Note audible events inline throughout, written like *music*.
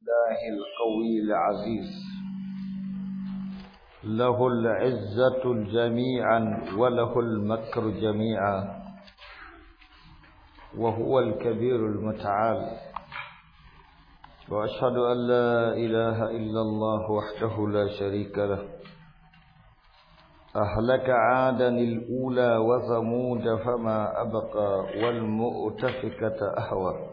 الله القوي العزيز له العزة جميعا وله المكر جميعا وهو الكبير المتعال وأشهد أن لا إله إلا الله وحده لا شريك له أهلك عادا الأولى وثمود فما أبقى والمؤتفكة أهوى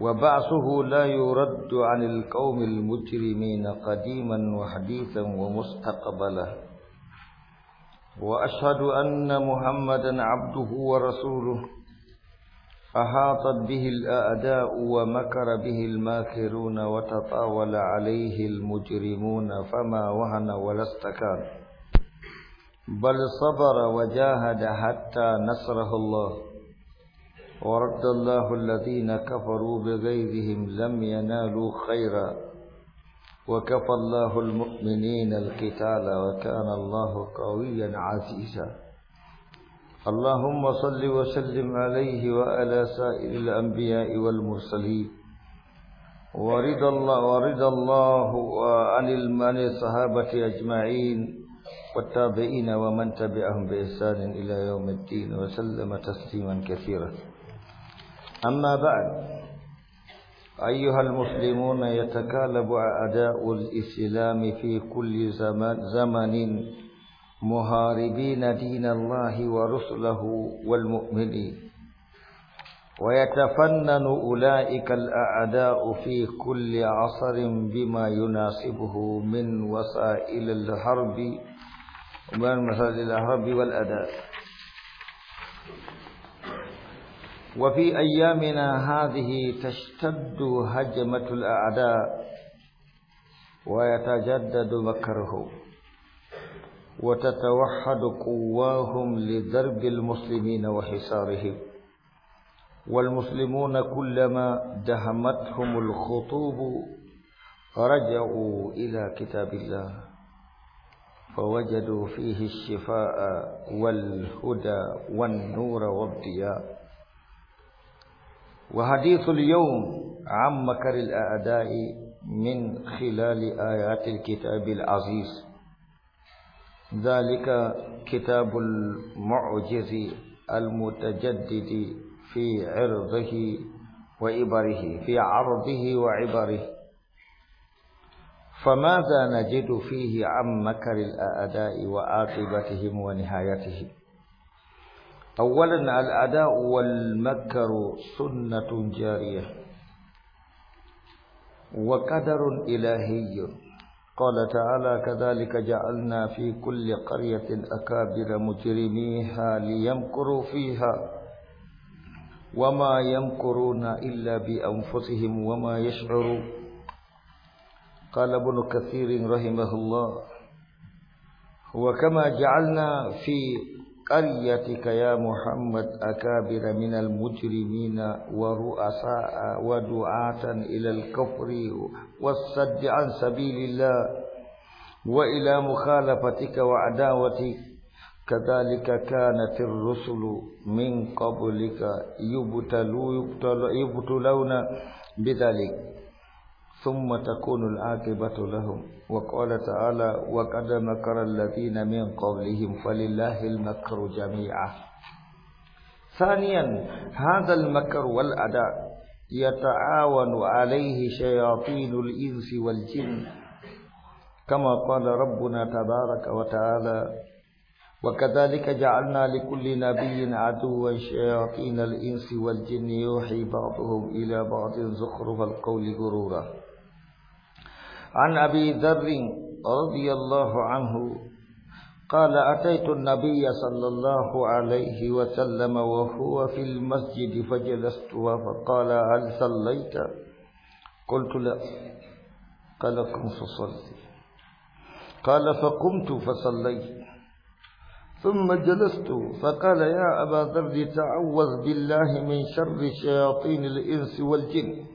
وبعثه لا يرد عن القوم المجرمين قديما وحديثا ومستقبلا وأشهد أن محمدا عبده ورسوله أحاطت به الأعداء ومكر به الماكرون وتطاول عليه المجرمون فما وهن ولا استكان بل صبر وجاهد حتى نصره الله ورد الله الذين كفروا بغيظهم لم ينالوا خيرا وكفى الله المؤمنين القتال وكان الله قويا عزيزا اللهم صل وسلم عليه وعلى سائر الأنبياء والمرسلين ورد الله ورد الله عن الصحابة أجمعين والتابعين ومن تبعهم بإحسان إلى يوم الدين وسلم تسليما كثيرا أما بعد أيها المسلمون يتكالب أداء الإسلام في كل زمان, زمن مهاربين دين الله ورسله والمؤمنين ويتفنن أولئك الأعداء في كل عصر بما يناسبه من وسائل الحرب ومن وسائل الحرب والأداء وفي أيامنا هذه تشتد هجمة الأعداء ويتجدد مكرهم وتتوحد قواهم لضرب المسلمين وحصارهم والمسلمون كلما دهمتهم الخطوب رجعوا إلى كتاب الله فوجدوا فيه الشفاء والهدى والنور والضياء وحديث اليوم عن مكر الأعداء من خلال آيات الكتاب العزيز ذلك كتاب المعجز المتجدد في عرضه وعبره في عرضه وعبره فماذا نجد فيه عن مكر الأعداء وعاقبتهم ونهايتهم أولا الأداء والمكر سنة جارية وقدر إلهي قال تعالى كذلك جعلنا في كل قرية أكابر مجرميها ليمكروا فيها وما يمكرون إلا بأنفسهم وما يشعرون قال ابن كثير رحمه الله وكما جعلنا في قريتك يا محمد أكابر من المجرمين ورؤساء ودعاة إلى الكفر والصد عن سبيل الله وإلى مخالفتك وعداوتك كذلك كانت الرسل من قبلك يبتلون بذلك ثم تكون العاقبة لهم وقال تعالى وقد مكر الذين من قبلهم فلله المكر جميعا ثانيا هذا المكر والأداء يتعاون عليه شياطين الإنس والجن كما قال ربنا تبارك وتعالى وكذلك جعلنا لكل نبي عدوا شياطين الإنس والجن يوحي بعضهم إلى بعض زخرف القول غرورا عن أبي ذر رضي الله عنه قال أتيت النبي صلى الله عليه وسلم وهو في المسجد فجلست فقال هل صليت قلت لا قال قم فصلي قال فقمت فصليت ثم جلست فقال يا أبا ذر تعوذ بالله من شر شياطين الإنس والجن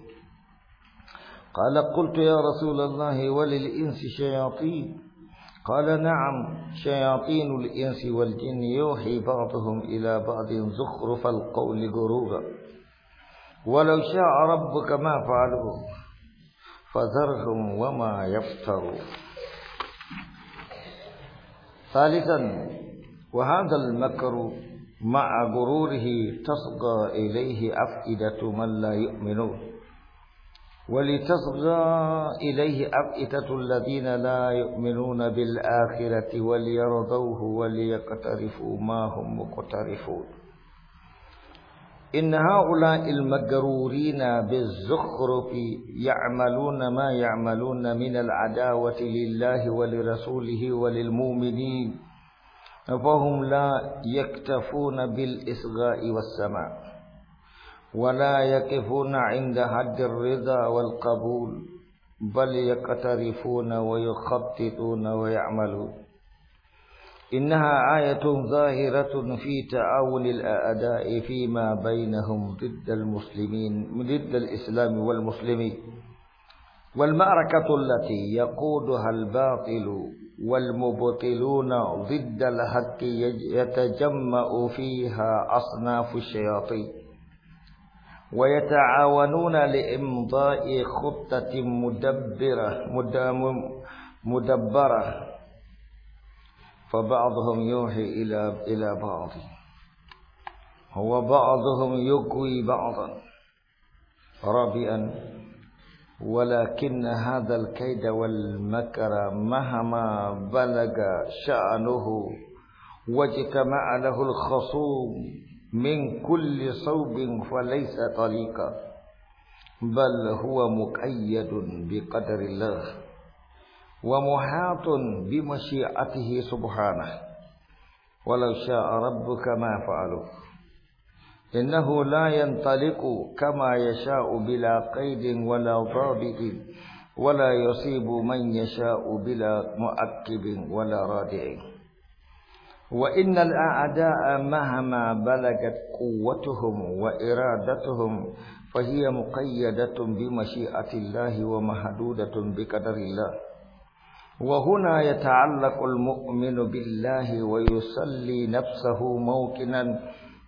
قال قلت يا رسول الله وللإنس شياطين قال نعم شياطين الإنس والجن يوحي بعضهم إلى بعض زخرف القول غرورا ولو شاء ربك ما فعلوا فذرهم وما يفتروا ثالثا وهذا المكر مع غروره تصغى إليه أفئدة من لا يؤمنون ولتصغى إليه أفئدة الذين لا يؤمنون بالآخرة وليرضوه وليقترفوا ما هم مقترفون إن هؤلاء المجرورين بالزخرف يعملون ما يعملون من العداوة لله ولرسوله وللمؤمنين فهم لا يكتفون بالإصغاء والسماء ولا يقفون عند حد الرضا والقبول بل يقترفون ويخططون ويعملون إنها آية ظاهرة في تعاون الأعداء فيما بينهم ضد المسلمين ضد الإسلام والمسلمين والمعركة التي يقودها الباطل والمبطلون ضد الحق يتجمع فيها أصناف الشياطين ويتعاونون لإمضاء خطة مدبرة مدبرة فبعضهم يوحي إلى إلى بعض وبعضهم يقوي بعضا رابعا ولكن هذا الكيد والمكر مهما بلغ شأنه واجتمع له الخصوم من كل صوب فليس طريقا بل هو مقيد بقدر الله ومحاط بمشيئته سبحانه ولو شاء ربك ما فعله إنه لا ينطلق كما يشاء بلا قيد ولا ضابط ولا يصيب من يشاء بلا مؤكب ولا رادع وإن الأعداء مهما بلغت قوتهم وإرادتهم فهي مقيدة بمشيئة الله ومحدودة بقدر الله وهنا يتعلق المؤمن بالله ويصلي نفسه موقنا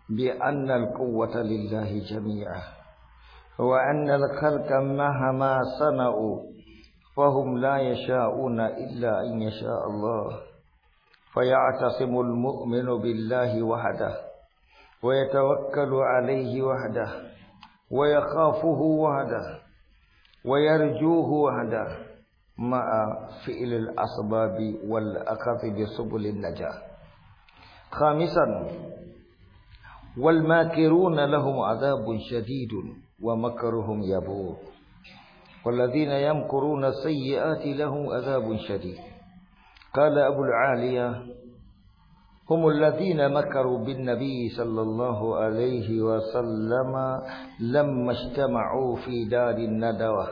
بأن القوة لله جميعا وأن الخلق مهما صنعوا فهم لا يشاءون إلا أن يشاء الله فيعتصم المؤمن بالله وحده ويتوكل عليه وحده ويخافه وحده ويرجوه وحده مع فعل الأسباب والأخذ بسبل النجاة خامسا والماكرون لهم عذاب شديد ومكرهم يبور والذين يمكرون السيئات لهم عذاب شديد قال أبو العالية هم الذين مكروا بالنبي صلى الله عليه وسلم لما اجتمعوا في دار الندوة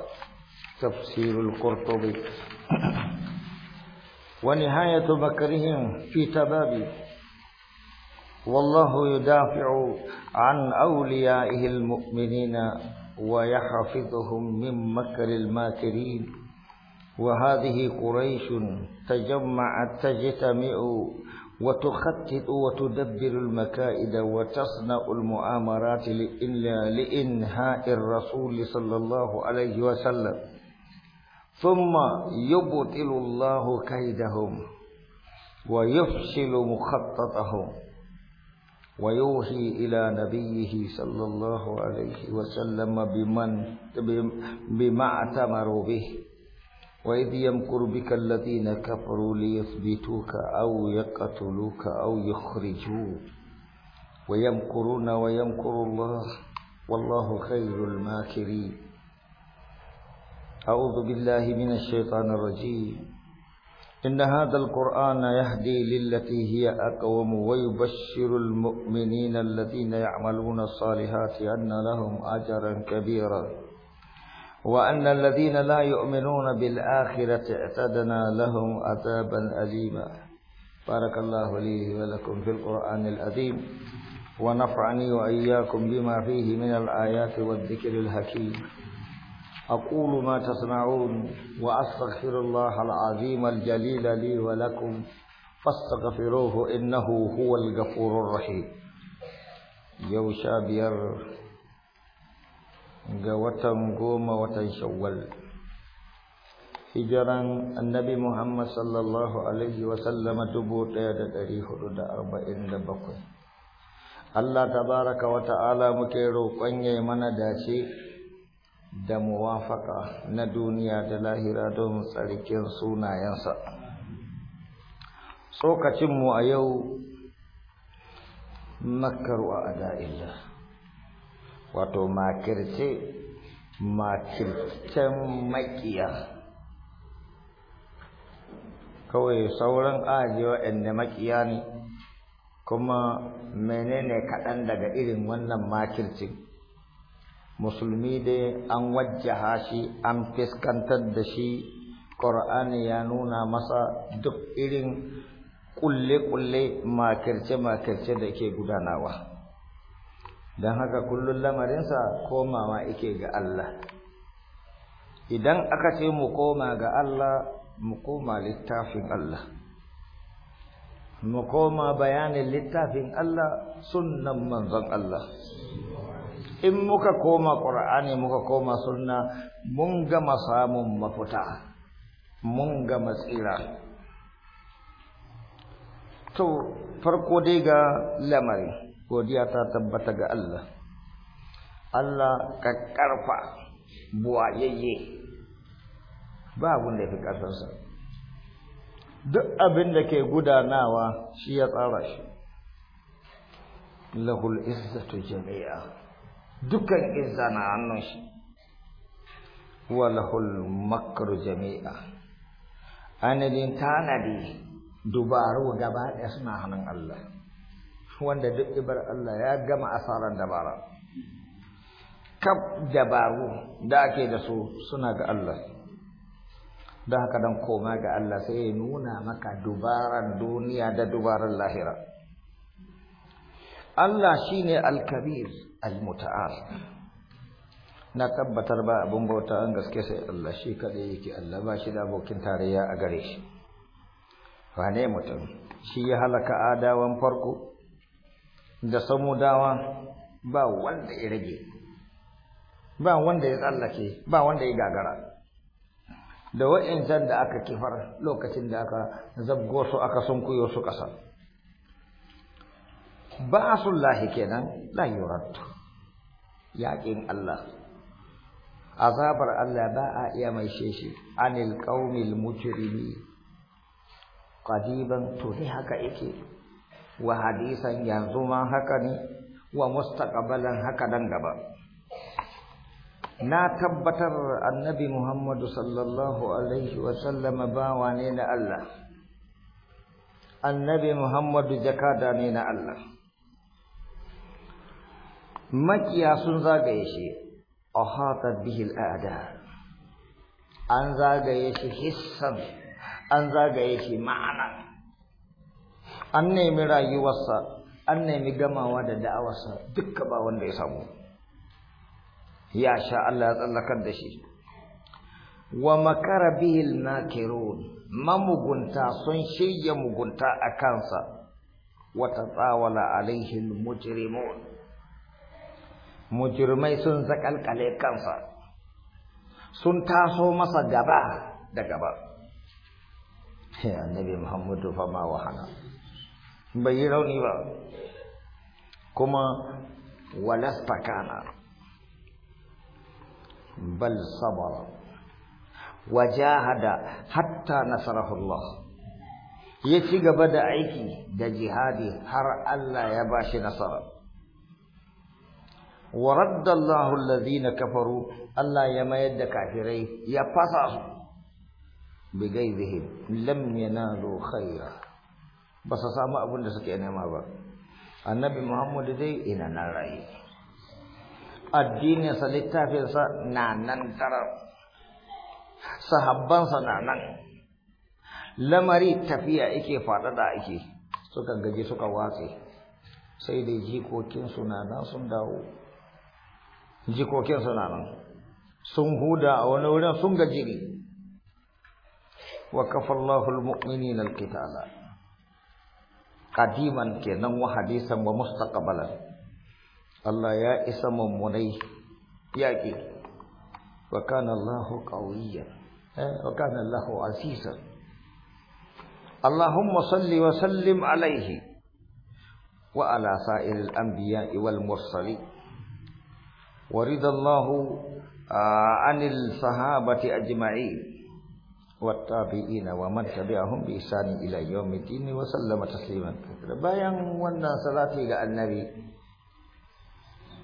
تفسير القرطبي *clears throat* ونهاية مكرهم في تبابي والله يدافع عن أوليائه المؤمنين ويحفظهم من مكر الماكرين وهذه قريش تجمعت تجتمع وتخطط وتدبر المكائد وتصنع المؤامرات لإنهاء الرسول صلى الله عليه وسلم ثم يبطل الله كيدهم ويفشل مخططهم ويوحي إلى نبيه صلى الله عليه وسلم بمن بما اعتمروا به وإذ يمكر بك الذين كفروا ليثبتوك أو يقتلوك أو يخرجوك ويمكرون ويمكر الله والله خير الماكرين أعوذ بالله من الشيطان الرجيم إن هذا القرآن يهدي للتي هي أقوم ويبشر المؤمنين الذين يعملون الصالحات أن لهم أجرا كبيرا وأن الذين لا يؤمنون بالآخرة اعتدنا لهم عذابا أليما بارك الله لي ولكم في القرآن العظيم ونفعني وإياكم بما فيه من الآيات والذكر الحكيم أقول ما تصنعون وأستغفر الله العظيم الجليل لي ولكم فاستغفروه إنه هو الغفور الرحيم يوشا بير ga watan goma watan shawwal hijiran annabi Muhammad sallallahu alaihi wasallama dubu ɗaya da ɗari hudu da arba'in da bakwai Allah ta baraka wa ta'ala muke roƙon ya mana dace da muwafaka na duniya da lahira don tsarkin sunayensa tsokacinmu a yau makaru a ada'illah wato makirce makircen makiya kawai sauran aji waɗanda makiya ne kuma menene kaɗan daga irin wannan makircin musulmi dai an wajjaha shi an fiskantar da shi ƙur'ani ya nuna masa duk irin ƙulle-ƙulle makirce-makirce da ke gudanawa don haka kullum lamarinsa komawa ike ga Allah idan aka ce mu koma ga Allah mu koma littafin Allah mu koma bayanin littafin Allah sunnan manzon Allah in muka koma ƙur'ani muka koma sunna mun gama samun mafuta mun gama tsira to farko dai ga lamarin godiya ta tabbata ga Allah Allah ka karfa buwayayye ba abin da ya fi karfansa duk abin da ke gudanawa shi ya tsara shi lahul izzatu jami'a dukkan izza na hannun shi wa lahul makru jami'a anadin tanadi dubaru gaba ɗaya suna hannun Allah wanda duk ibar Allah ya gama asarar dabara kab dabaru da ake da su suna ga Allah da haka dan koma ga Allah sai ya nuna maka dubaran duniya da dubaran lahira Allah shine al-kabir al-muta'al na tabbatar ba abin bauta an gaske sai Allah shi kadai yake Allah ba shi da abokin tarayya a gare shi wane mutum shi ya halaka adawan farko da samudawa ba wanda ya rage ba wanda ya tsallake ba wanda ya gagara da wa'incan da aka kifar lokacin da aka zabgo su aka sunkuyo su ƙasa lahi kenan la yuraddu yaƙin Allah azabar Allah ba a iya mai sheshi anil mutu mujrimin Ƙadiban to haka yake wa hadisan yanzu ma haka ne wa mustaqbalan haka dan gaba na tabbatar annabi Muhammadu sallallahu alaihi wa bawa ne na Allah annabi Muhammadu jakada ne na Allah makiya sun zagaye shi ahata bihi al'ada an zagaye shi hissan an zagaye shi ma'ana. an nemi rayuwarsa an nemi gamawa da da'awarsa dukka ba wanda ya samu ya sha Allah ya tsallakar da shi wa makara bihil nakirun mamugunta sun shirya mugunta a kansa wa tatawala alaihi mujrimun mujrimai sun zakalkale kansa sun taso masa gaba da gaba Ya annabi Muhammadu fa ma wahana bai yi rauni ba kuma walasta bal sabara wajahada hatta nasarahullah ya ci gaba da aiki da jihadi har Allah ya bashi nasara wa lazi na kafaru Allah ya mayar da kafirai ya fasa su bi ghaibihim lam yanalu khaira ba su samu abin da suke nema ba annabi muhammad dai ina nan raye addininsa littafinsa na nan tarar. sahabbansa na nan lamari tafiya yake da ake suka gaji suka watse sai dai jikokinsu na nan sun dawo jikokinsu na nan sun huda a wani wurin sun gaji ne wa kafallahu almu'minina alqitala qadiman kenan wa hadisan wa mustaqbalan Allah ya isa mummunai yaƙi wa kana Allahu qawiyyan wa kana Allahu azizan Allahumma salli wa sallim alaihi wa ala sa'iril anbiya'i wal mursalin ورد الله عن الصحابة أجمعين والتابعين ومن تبعهم بإحسان إلى يوم الدين وسلم تسليما كثيرا bayan wannan salati ga annabi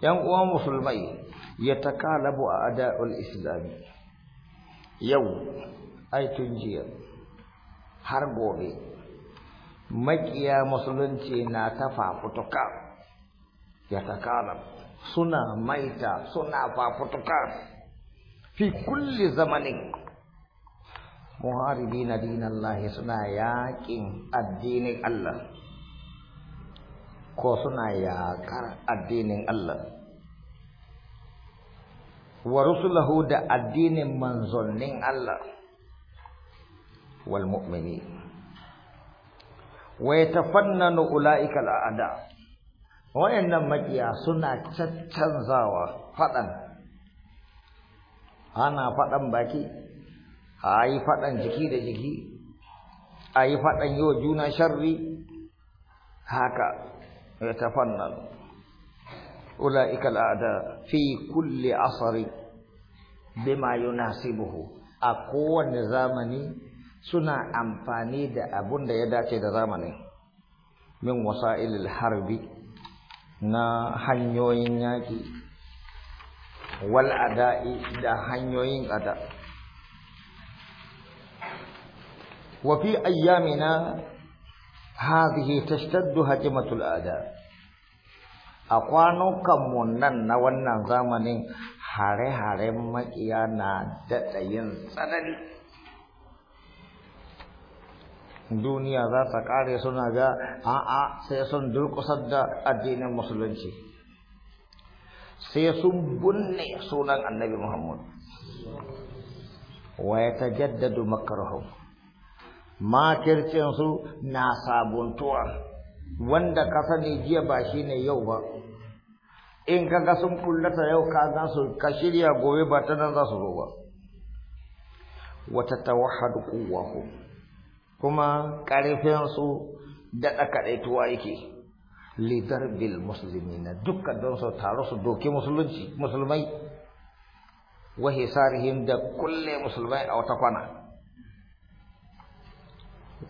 yan uwan musulmai ya yatakalabu a ada'ul islami yau ai tun jiya har gobe makiya musulunci na ta fafutuka yatakalabu suna maita suna fafutuka fi kulli zamanin muharibina dinallahi suna yakin addinin Allah ko suna yakar addinin Allah wa rusulahu da addinin manzonnin Allah wal mu'mini wa yatafannanu ulaika al a'da wayannan makiya suna caccanzawa fadan ana fadan baki Ayi yi faɗan jiki da jiki a yi faɗan yi juna sharri haka ya tafannan ula'ika a'ada fi kulli asari bima yunasibuhu a kowane zamani suna amfani da abun da ya dace da zamanin min wasa'ilil harbi na hanyoyin yaki, wal ada'i da hanyoyin ada وفي ايامنا هذه تشتد هجمه الاداء اقوانو كمونن na wannan zamanin hare hare makiya na da tsayin tsanani duniya za ta kare suna ga a sai sun durkusar da addinin musulunci sai sun bunne sunan annabi muhammad wa yatajaddadu makruhum makircinsu na sabuntuwa wanda ka sani jiya ba shi ne yau ba in ka ga sun kullata yau ka gan su ka shirya gobe ba ta nan za su zo ba wata tawahadu kuwahu kuma ƙarfinsu kaɗai ɗakaɗaituwa yake lidar bil musulmi na dukkan don su taru su doki musulunci musulmai wahisarihim da kulle musulmai a wata kwana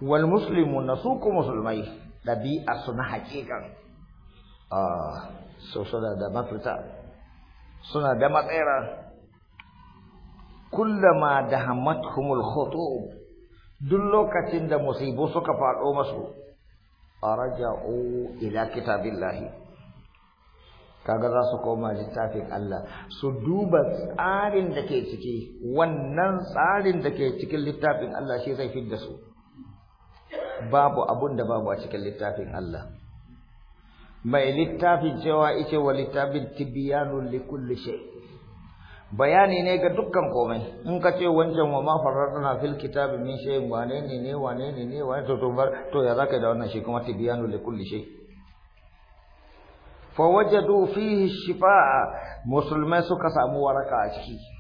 wal muslimu na su ku musulmai ɗabi'a su na hakikan ah, so suna da mafita suna da matsayar kullama da hamatkumul khutu duk lokacin da musibu suka faɗo masu arja'u ila kitabillahi kaga za su koma littafin Allah su duba tsarin da ke ciki wannan tsarin da ke cikin littafin Allah shi zai fidda su babu abun da babu a cikin littafin Allah mai littafin cewa ice wa littafin tibiyanun likulli shay bayani ne ga dukkan komai in ka ce wancan wa ma na fil kitabi min shay wane ne ne wane ne ne wane to to bar to ya zaka da wannan shi kuma tibiyanun likulli shay fa wajadu fihi shifa'a musulmai suka samu waraka a ciki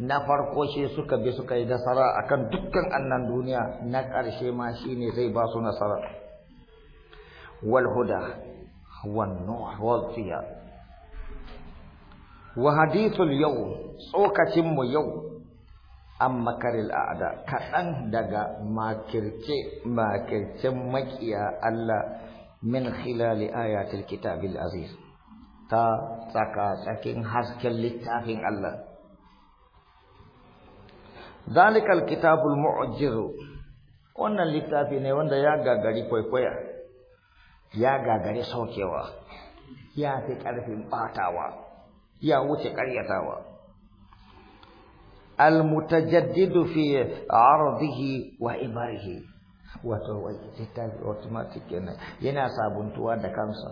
na farko shi suka bi suka yi nasara akan dukkan annan duniya na ƙarshe ma shine zai ba su nasara wal huda wan wa hadithul yau tsokacinmu yau an makaril a'da kaɗan daga makirce makircen makiya Allah min khilali ayatul kitabil aziz ta tsaka tsakin hasken littafin Allah zalikal kitabul mu'jizu wannan littafi ne wanda ya gagari kwaikwaya ya gagari saukewa ya fi ƙarfin batawa ya wuce ƙaryatawa almutajaddidu fi ardihi wa ibarihi wato littafi automatic yana sabuntuwa da kansa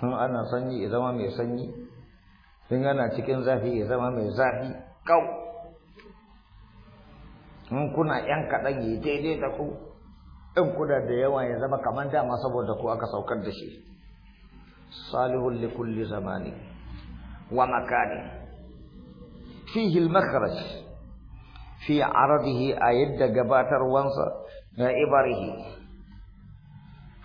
sun ana sanyi ya zama mai sanyi sun ana cikin zafi ya zama mai zafi kau in kuna yan kaɗan yi daidai da ku in kuna da yawa ya zama kamar dama saboda ku aka saukar da shi salihun li kulli zamani wa makani fihi al-makhraj fi aradihi ayat da gabatar na ibarihi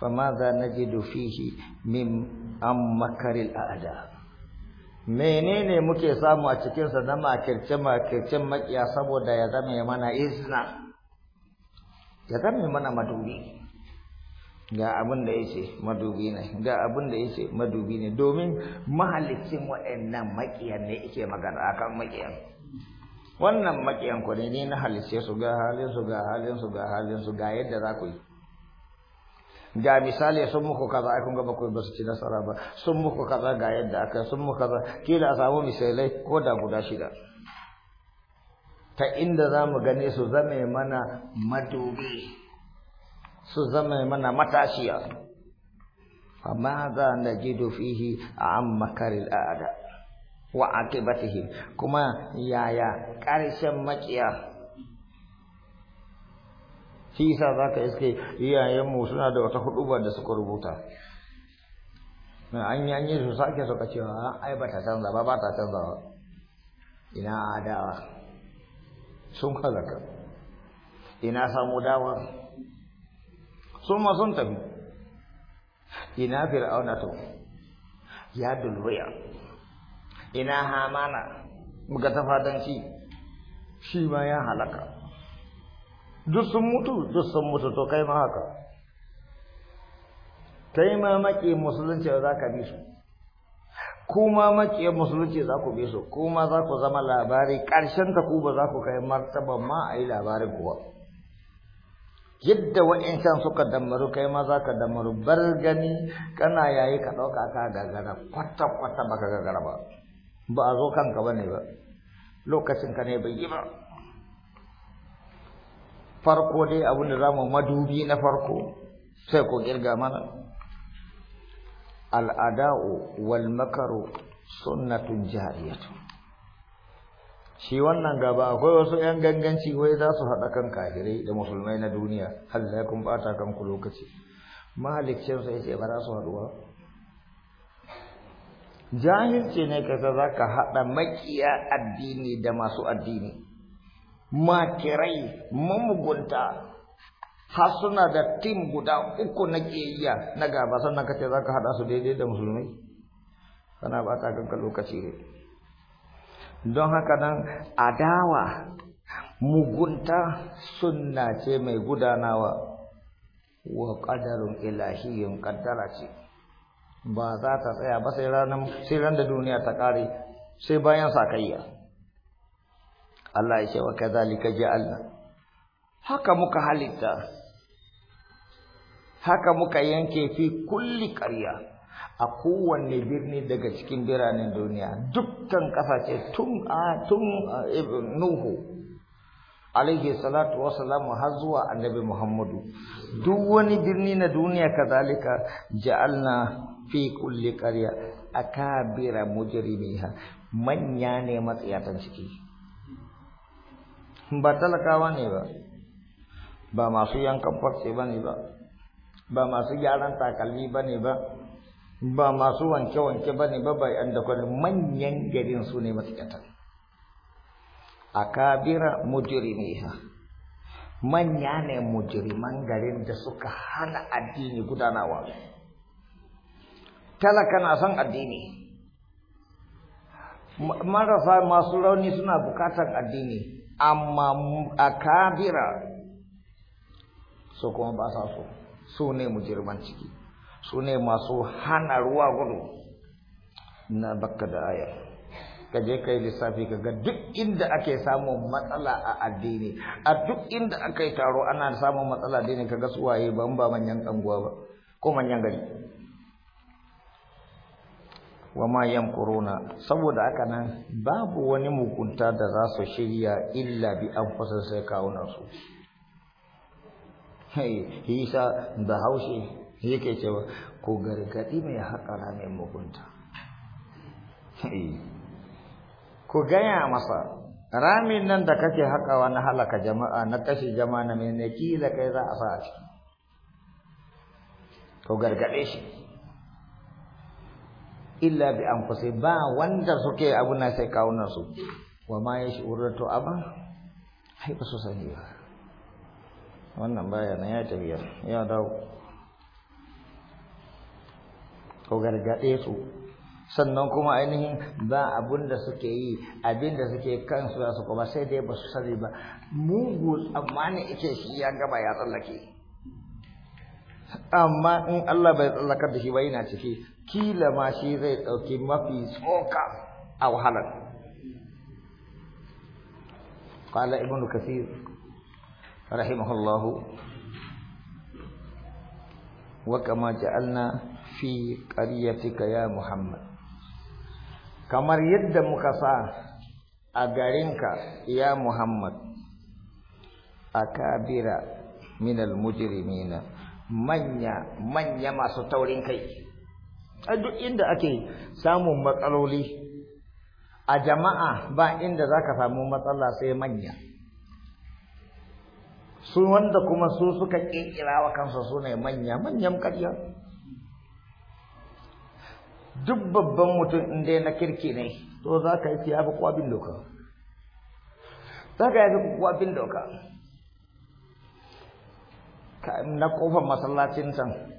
za نجد fihi من أم makaril menene muke samu a cikinsa na makirce makirce makiya saboda ya zame mana izna ya zame mana madubi ga abin da yace madubi ne ga abin da yace madubi ne domin mahallicin waɗannan makiyan ne yake magana akan makiyan wannan makiyan ku ne na halice su ga halin su ga halin su ga halin su ga yadda za ku yi ga misali sun muku kaza ai kun ga bakwai ba su ci nasara ba sun muku kaza ga yadda aka sun muku kaza kila a samu misalai ko da guda shida ta inda za mu gane su zame mana madubi su zame mana matashiya amma za na ji fihi a an makaril a'ada wa aqibatihim kuma yaya ƙarshen maƙiya shi yasa zaka iske iyayenmu suna da wata huduba da suka rubuta an yi an yi su sake suka cewa ai ba ta canza ba ba ta canza ba ina adawa sun ka ina samu dawa sun ma sun tafi ina fir'auna to ya dulwaya ina hamana muka shi shi ma ya halaka duk sun mutu duk sun mutu to kai ma haka kai ma maki musulunci za ka bi su kuma maki musulunci za ku bi su kuma za ku zama labari karshen ta ku ba za ku kai martaba ma a yi labarin kuwa yadda can suka damaru kai ma za ka damaru bar gani kana yayi ka ɗauka ka gagara kwata-kwata baka gagara ba ba a zo kanka ba ne ba lokacin ka ne bai yi ba farko dai abin da zamu madubi na farko sai ko girga mana al'ada'u wal makaru sunnatun jahiliyatu shi wannan gaba akwai wasu yan ganganci wai za su haɗa kan kafirai da musulmai na duniya har sai kun bata kanku lokaci mahalicin sai ce ba za su haɗu ba jahilci ne kaza za ka haɗa makiya addini da masu addini makirai mamugunta har suna da tim guda uku na ƙiyayya na gaba sannan ka ce za ka haɗa su daidai da musulmai kana ba ta ganka lokaci ne don haka nan adawa mugunta sunna ce mai gudanawa wa ƙadarin ilahiyun ƙaddara ce ba za ta tsaya ba sai ranar da duniya ta ƙare sai bayan sakayya Allah ya ce wa kadhalika ja'alna haka muka halitta haka muka yanke fi kulli ƙarya a kowanne birni daga cikin biranen duniya dukkan ƙasashe tun a tun nuhu alayhi salatu wassalamu har zuwa annabi muhammadu duk wani birni na duniya kazalika ja'alna fi kulli qarya akabira mujrimiha manya ne matsayatan ciki ba talakawa ne ba ba masu yankan farce ba ne ba ba masu gyaran takalmi ba ne ba ba masu wanke-wanke ba ne ba ba yan dakwarin manyan garin su ne matsikatan a kabira mujirimiha manya ne mujiriman garin da suka hana addini gudanawa talaka na son addini marasa masu rauni suna bukatan addini amma akabira so kuma ba sa so su ne mujirman ciki su ne masu hana ruwa gudu na bakka da ayar ka je kai lissafi kaga duk inda ake samun matsala a addini a duk inda aka yi taro ana samun matsala addini kaga ga suwaye ban ba manyan kanguwa ba ko manyan gari wa ma Korona, saboda haka nan babu wani mugunta da za su shirya illa bi anfusihim sai kawunan su isa da haushi yake cewa ko gargadi mai haƙara mai mugunta ku gaya masa ramin nan da kake haƙawa na halaka jama'a na kashe jama'a na mai kila kai za a sa a ciki ko gargaɗe shi illa bi anfusihim ba wanda suke abun nan sai kawunan su wa ma ya yashurun to aba ai ba su sani ba wannan baya na ya tafiya ya dawo ko gargaɗe su sannan kuma ainihin ba abun da suke yi abin da suke kansu za su kuma sai dai ba su sani ba mugu tsammani ike shi ya gaba ya tsallake amma in Allah bai tsallakar da shi ba yana ciki kila ma shi zai ɗauki mafi tsoka a wahalar قال ابن كثير رحمه الله وكما جعلنا في قريتك يا محمد kamar yadda muka sa a garinka ya Muhammad akabira minal mujrimina manya manya masu taurin kai a duk inda ake samun matsaloli a jama'a ba inda za ka samu matsala sai manya su wanda kuma su suka ƙirƙira wa kansa su ne manya manyan karya. duk babban mutum in dai na kirki ne to za ka yi ya fi kwabin doka za ka yi fi kwabin doka na kofar masallacin can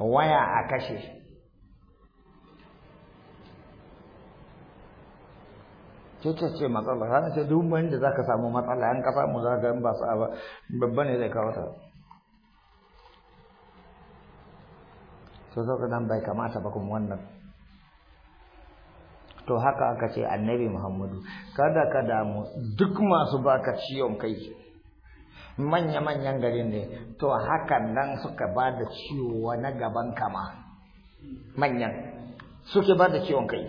waya a kashe cutar ce matsala sana ce duk wani da za ka samu matsala an ka samu za ka ba sa ba babba ne zai kawo ta to nan bai kamata ba kuma wannan to haka aka ce annabi muhammadu kada ka damu duk masu baka ciwon kai manya-manyan gari ne to hakan nan suka ba da ciwo na gaban kama manyan suke ba da ciwon kai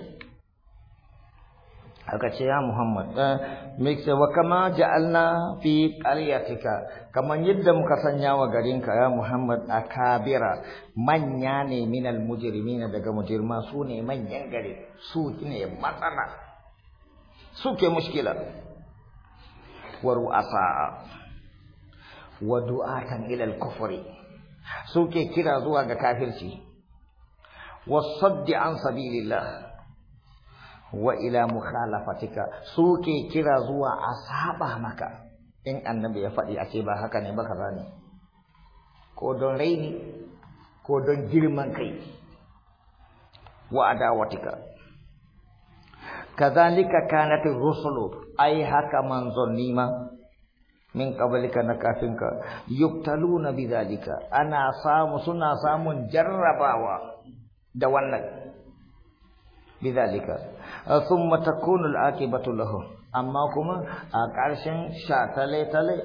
aka ce ya Muhammad eh, mikse wa kama ja'alna fi ƙaryatika kamar yadda muka sanya wa garinka ya Muhammad a Kabira? manya ne minal na daga mujirma su ne manyan gari su ne matsala suke mushkila wa ru'asa wa du'atan ila al-kufri suke kira zuwa ga kafirci wasaddi an sabilillah wa ila mukhalafatika suke kira zuwa a maka in annabi ya faɗi a ce ba haka ne ba kaza ne ko don raini ko don girman kai wa adawatika kazalika kanat rusulu ai haka manzon nima min qablika na kafinka yuktaluna bidhalika ana samu suna samun jarrabawa da wannan bidhalika thumma takunu al-aqibatu amma kuma a karshen sha tale-tale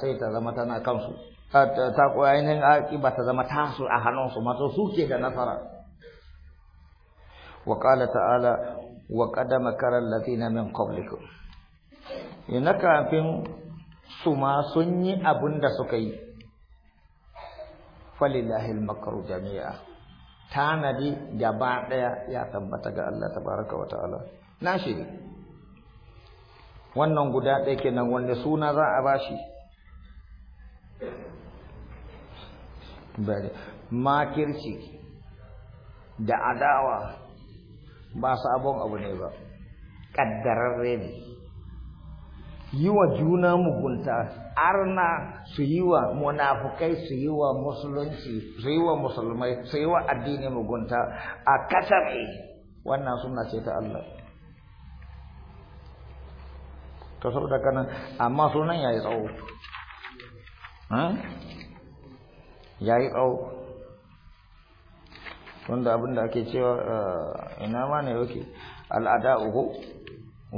sai ta zama tana kansu ta ainihin aqiba ta zama tasu a hannunsu masu suke da nasara wa qala ta'ala wa qadama karar latina min qablikum Ina kafin su ma sun yi abin da suka yi falilahil makaru jami'a tanadi gaba ɗaya ya tabbata ga Allah tabaraka wa ta'ala na shi wannan guda ɗaya kenan wanda suna za a ba shi? makirci da adawa ba sabon abu ne ba ƙaddararre ne yi wa juna mugunta arna su yi wa munafukai su yi wa musulunci su yi wa musulmai su yi wa addini mugunta a kasare wannan suna ce ta Allah ta saboda kanan amma sunan ya yi tsawo ya yi tsawo wanda abinda ake cewa eh, ina ma ne yake al'ada uku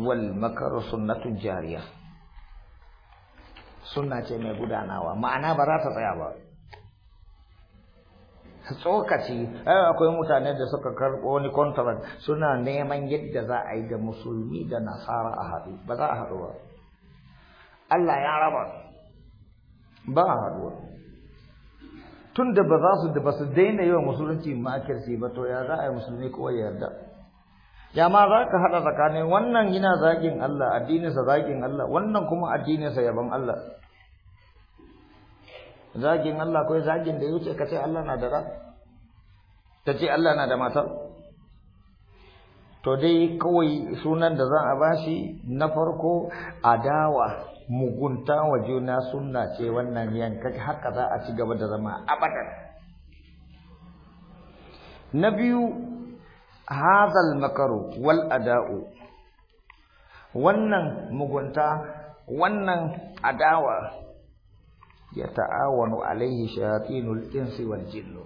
wal makar sunnatun jariya sunna ce mai gudanawa ma'ana ba za ta tsaya ba tsokaci akwai mutane da suka karɓo wani contract suna neman yadda za a yi da musulmi da nasara a haɗu ba za a haɗu ba Allah ya raba ba a haɗuwa tun da ba za su da ba su daina yi wa musulunci makirci ba to ya za a yi musulmi ya yarda ya ma za ka haɗa tsakanin wannan yana zagin Allah addininsa zagin Allah wannan kuma addininsa yaban Allah zagin Allah ko zagin da yuce ka ce Allah na da ran ta Allah na da matar to dai kawai sunan da za a bashi na farko adawa mugunta wa juna sunna ce wannan yanka haka za a ci gaba da zama abadan na biyu hazal makaru wal ada'u wannan mugunta wannan adawa yata'awanu alaihi shayatinul insi wal jinn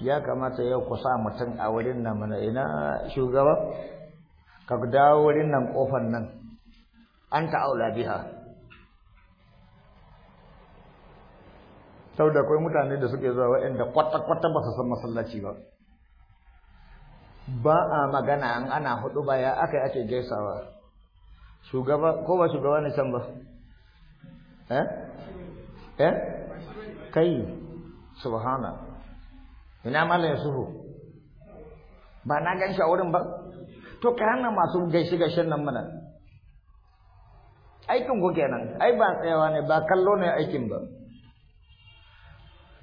ya kamata yau ku sa mutum a wurin nan mana ina shugaba ka dawo wurin nan kofar nan an ta'aula biha saboda akwai mutane da suke zuwa waɗanda kwata-kwata ba su san masallaci ba ba a magana an ana hudu baya aka ake gaisawa shugaba ko ba shugaba ne can ba eh eh kai subhana ina malam yusufu ba na gan shi a wurin ba to kai hana masu gaishe shan nan mana aikin ku kenan ai ba tsayawa ne ba kallo ne aikin ba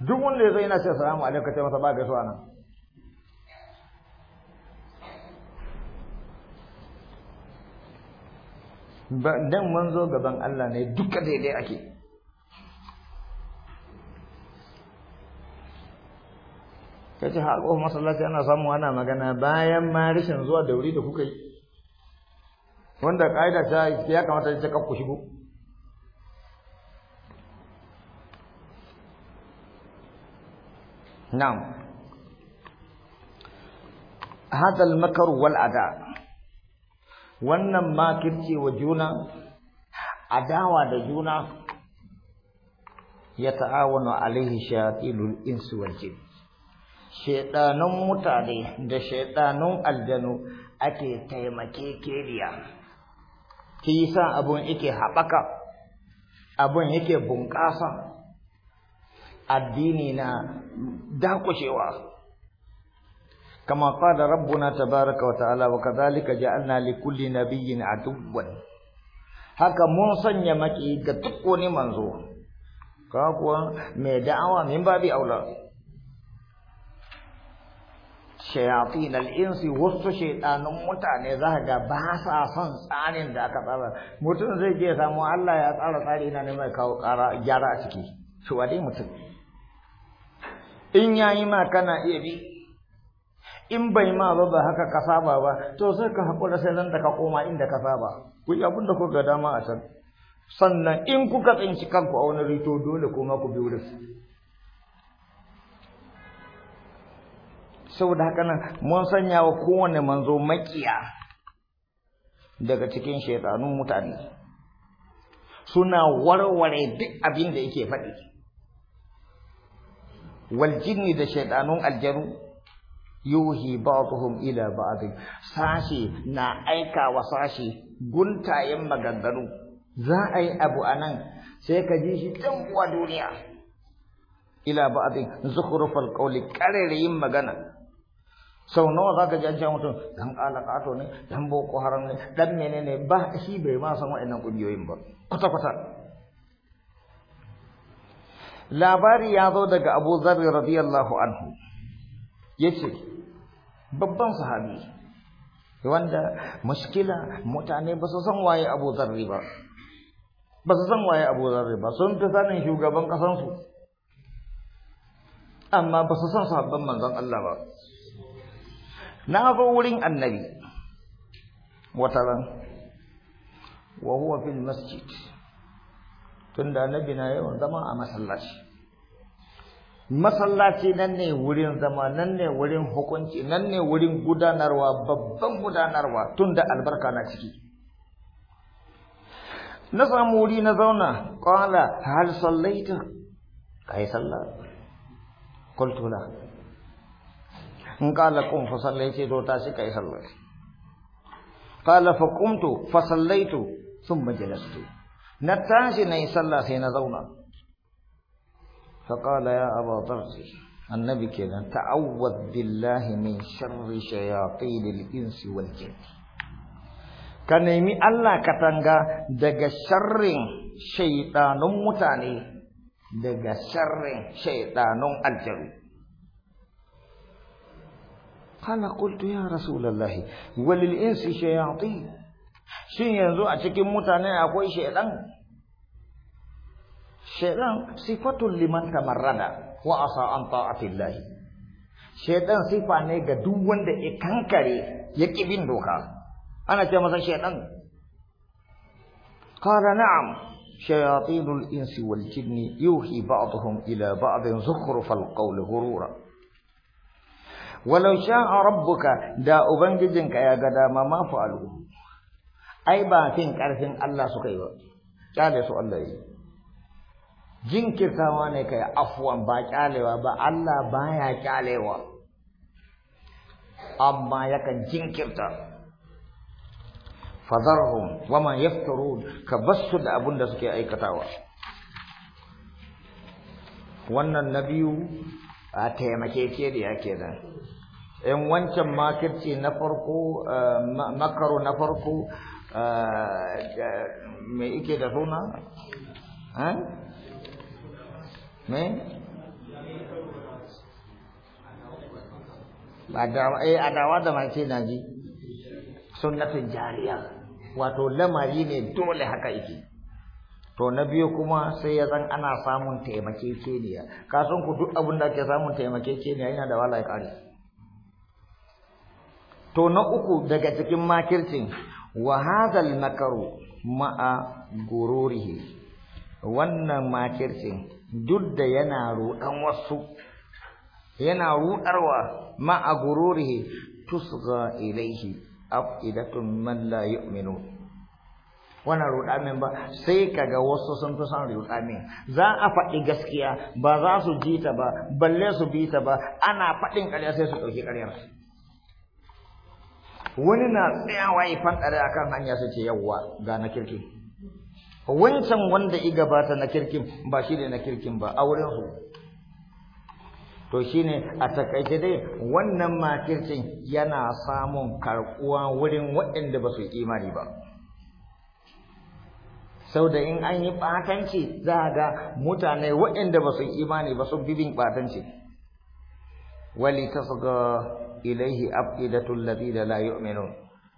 duk wanda ya zo yana ce salamu alaikum masa ba gaisuwa nan dan mun zo gaban Allah ne duka daidai ake kace ce ko masallaci ana samu ana magana bayan ma rashin zuwa da wuri da kuka yi wanda kaida ta ya kamata ta ku shigo na'am هذا wal والعداء wannan makirci wa juna adawa da juna ya ta'awunu alaihi shayatilul insu wal jin shedanun mutane da shedanun aljanu ake taimake keriya kisa abun yake haɓaka abun yake bunƙasa addini na dakushewa ta كما قال ربنا تبارك وتعالى وكذلك جعلنا لكل نبي عدوا haka mun sanya maki ga duk wani manzo ka kuwa mai da'awa min babi aula shayatin al-insi wasu shaytanun mutane za ga basa sa son tsarin da aka tsara mutum zai je samu Allah ya tsara tsari na ne mai kawo gyara a ciki to mutum in yayi ma kana iya bi in bai ma ba ba haka ka saba ba to sai ka haƙura sai nan da ka koma inda ka saba ku yi abin da kuka dama a can sannan in kuka tsinci kanku a wani rito dole kuma ku bi wurin saboda haka nan mun sanya wa kowane manzo makiya daga cikin shaitanun mutane suna warware duk abin da yake faɗi wal da shaitanun aljanu yuhi ba'dhum ila ba'd sashi na aika wa sashi guntayen maganganu za a yi abu anan sai ka ji shi can uwa duniya ila ba'd zukhrufal qawli qarirayin magana sau nawa za ka ji an mutum dan alaƙato ne dan boko haram ne dan menene ba shi bai ma san wa'annan ƙungiyoyin ba kwata-kwata labari ya zo daga abu zarri radiyallahu anhu yace babban sahabi wanda mushkila mutane ba su san waye Abu Zarri ba ba su san waye Abu Zarri ba sun fi sanin shugaban kasan su amma ba su san sahabban manzon Allah ba na zo wurin annabi wataran wa huwa fil masjid tunda annabi na yawan zama a masallaci masallaci nan ne wurin zama nan ne wurin hukunci nan ne wurin gudanarwa babban gudanarwa tunda albarka na ciki na samu wuri na zauna qala hal sallaita ka sallah salla la in ƙala qum fa sallaita to tashi kai sallah qala fa qumtu fa sallaitu sun jalastu na tashi nayi salla sai na zauna فقال يا أبا Annabi النبي كذا تعوذ بالله من شر شياطين الإنس والجن ka nemi Allah katanga daga sharrin shaiɗanun mutane daga sharrin shaiɗanun aljaru kana qultu ya rasulullahi walil insi shayatin shin yanzu a cikin mutane akwai shaiɗan Syaitan sifatul liman tamarrada wa asa an ta'atillahi. Syaitan sifa ne ga duk wanda ya kankare ya bin doka. Ana ce masa syaitan. Qala na'am shayatinul insi wal jinni yuhi ba'dhum ila ba'dhin zukhrufal qawli ghurura. Walau sha'a rabbuka da ubangijinka ya ga dama ma fa'alu. Ai ba fin karfin Allah suka yi ba. Kyale su Allah yi. jinkirtawa ne kai afwan ba kyalewa ba Allah baya kyalewa amma yakan jinkirta wa wama yafturun ka basu da abun da suke aikatawa wannan na biyu a taimake ke da yake nan in wancan makirci na farko makaro na farko mai ike da suna me ba da adawa da mace na ji sunnatin jariya wato lamari ne dole haka yake to na biyu kuma sai ya zan ana samun taimakekeniya kasan ku duk abin da ake samun taimakekeniya yana da wala ya to na uku daga cikin makircin wa hadha al-makaru ma'a gururihi wannan makircin duk da yana ruɗan wasu yana ruɗarwa ma a gururi tusga ilaihi afidatun man la yu'minu wannan min ba sai kaga wasu sun fi son ruɗamin za a faɗi gaskiya ba za su ji ta ba balle su bi ta ba ana faɗin ƙarya sai su ɗauki ƙaryar wani na tsayawa ya fankare akan hanya su ce yawwa ga na kirki wancan wanda i gabata na kirkin ba shi ne na kirkin ba a wurin su to shine a takaice dai wannan makircin yana samun karkuwa wurin waɗanda ba su imani ba sau da in an yi ɓatanci za a ga mutane waɗanda ba su imani ba sun bibin ɓatanci wali ga ilaihi afidatul da la yu'minun